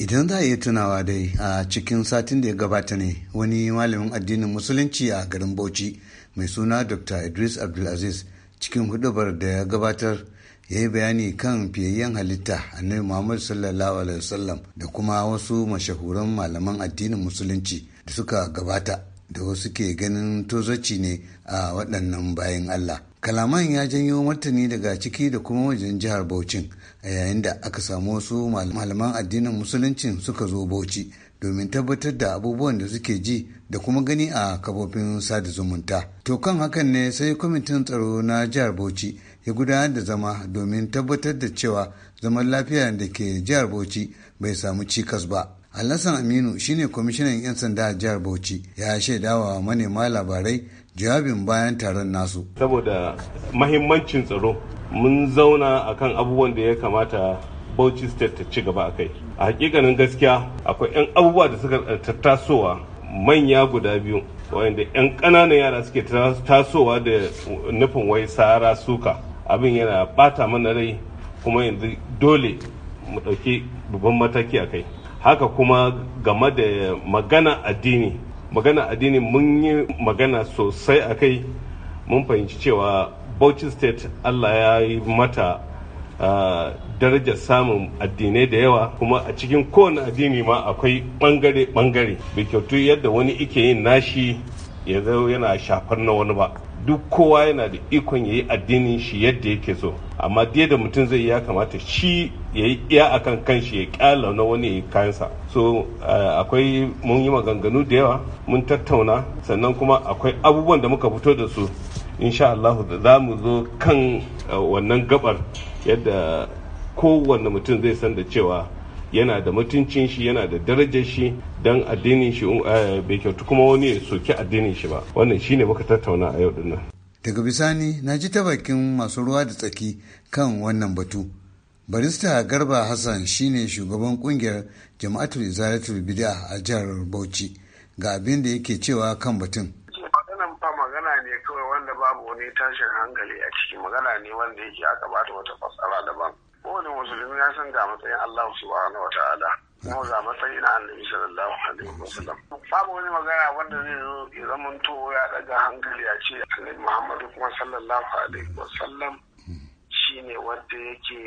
Idan za a yi tunawa dai a cikin satin da ya gabata ne wani malamin addinin musulunci a garin Bauchi mai suna Dr. Idris Abdulaziz cikin hudubar da ya gabatar ya yi bayani kan fiyayyen halitta annabi Muhammadu sallallahu alaihi wasallam da kuma wasu mashahuran malaman addinin musulunci da suka gabata da wasu ke ganin tozaci ne a waɗannan bayan Allah. kalaman ya janyo martani daga ciki da kuma wajen jihar bauchi a yayin da aka samu wasu malaman addinin Musulunci suka zo Bauchi domin tabbatar da abubuwan da suke ji da kuma gani a kafofin sada zumunta. To kan hakan ne sai kwamitin tsaro na jihar Bauchi ya gudanar da zama domin tabbatar da cewa zaman lafiya da ke jihar Bauchi bai samu cikas ba. Alhassan Aminu shine kwamishinan 'yan sanda a jihar Bauchi ya shaidawa manema labarai jawabin bayan taron nasu saboda mahimmancin tsaro mun zauna a kan abubuwan da ya kamata bauchi state ta ci gaba a kai a hakikanin gaskiya akwai 'yan abubuwa da suka eh, tasowa manya guda biyu wanda 'yan ƙananan yara suke tasowa da nufin wai sara suka abin yana bata mana rai kuma yanzu dole mu ɗauki babban mataki a kai haka kuma game da magana addini magana addini mun yi magana sosai a kai mun fahimci cewa bauchi state allah ya yi mata darajar samun addinai da yawa kuma a cikin kowane addini ma akwai bangare-bangare bai kyautu yadda wani ike yin nashi ya zo yana shafar na wani ba duk kowa yana da ikon ya yi addinin shi yadda yake so amma dai da mutum zai ya kamata shi ya yi iya akan kanshi ya kyala na wani ya kayansa so eh, akwai mun yi maganganu da yawa mun tattauna sannan kuma akwai abubuwan da muka fito da su insha Allah za mu zo kan eh, wannan gabar yadda kowanne mutum zai san da cewa yana da mutuncin shi yana da darajar shi dan addinin shi uh, bai kyautu kuma wani ya soki addinin shi ba wannan shine muka tattauna a yau dinnan daga bisani na ji ta bakin masu ruwa da tsaki kan wannan batu barista garba hassan shine shugaban kungiyar jama'atul zaratul bid'a a jihar bauchi ga abin da yake cewa kan batun wanda babu wani tashin hankali a ciki magana ne wanda yake aka gabata wata fasara daban kowane musulmi ya san ga matsayin Allah subhanahu wa ta'ala kuma ga matsayin annabi sallallahu alaihi wasallam babu wani magana wanda zai zo ya to ya daga hankali a ce annabi Muhammadu kuma sallallahu alaihi wasallam shine wanda yake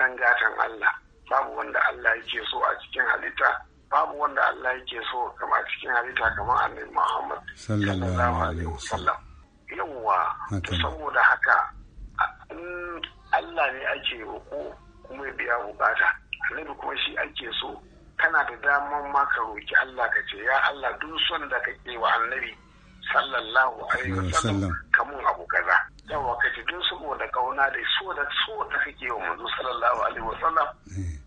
dan gatan Allah babu wanda Allah yake so a cikin halitta babu wanda Allah yake so kama a cikin halitta kamar annabi Muhammad sallallahu alaihi wasallam yawwa saboda haka Allah ne ake roƙo kuma ya biya bukata annabi kuma shi ake so kana da daman ma ka roki Allah ka ce ya Allah duk son da kake wa annabi sallallahu alaihi wasallam kamun abu kaza yawa ka ce duk saboda kauna da so da so da kake wa manzo sallallahu alaihi wasallam eh.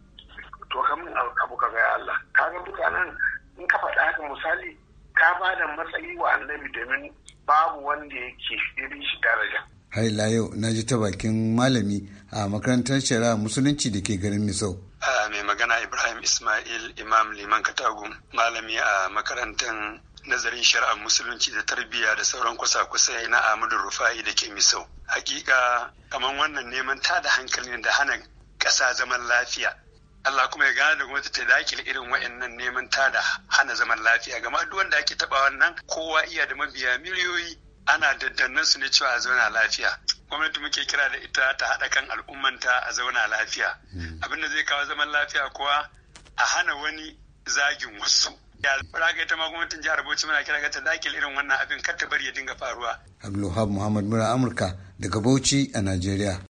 to kamun abu kaza ya Allah ka duka nan in ka faɗa haka misali ka ba da matsayi wa annabi domin babu wanda yake irin shi daraja har ila yau na ji ta bakin malami a makarantar shari'a musulunci da ke garin misau mai magana ibrahim ismail imam liman Katagu. malami a makarantar nazarin shari'ar musulunci da tarbiyya da sauran kusa-kusai na amadu Rufai da ke misau. Hakika kamar wannan neman ta da hankali da hana ƙasa zaman lafiya. Allah kuma ya gane da gwamnati ta dakile irin wa'annan neman ta da hana zaman lafiya gama duk wanda ake taɓa wannan kowa iya da mabiya miliyoyi ana daddannan su ne cewa a zauna lafiya gwamnati muke kira da ita ta haɗa kan al'ummanta a zauna lafiya hmm. abin da zai kawo zaman lafiya kuwa a hana wani zagin wasu ya raga ita ma gwamnatin jihar Bauchi muna kira ta dakil irin wannan abin kar ta bari ya dinga faruwa Abdulwahab Muhammad Mura Amurka daga Bauchi a Najeriya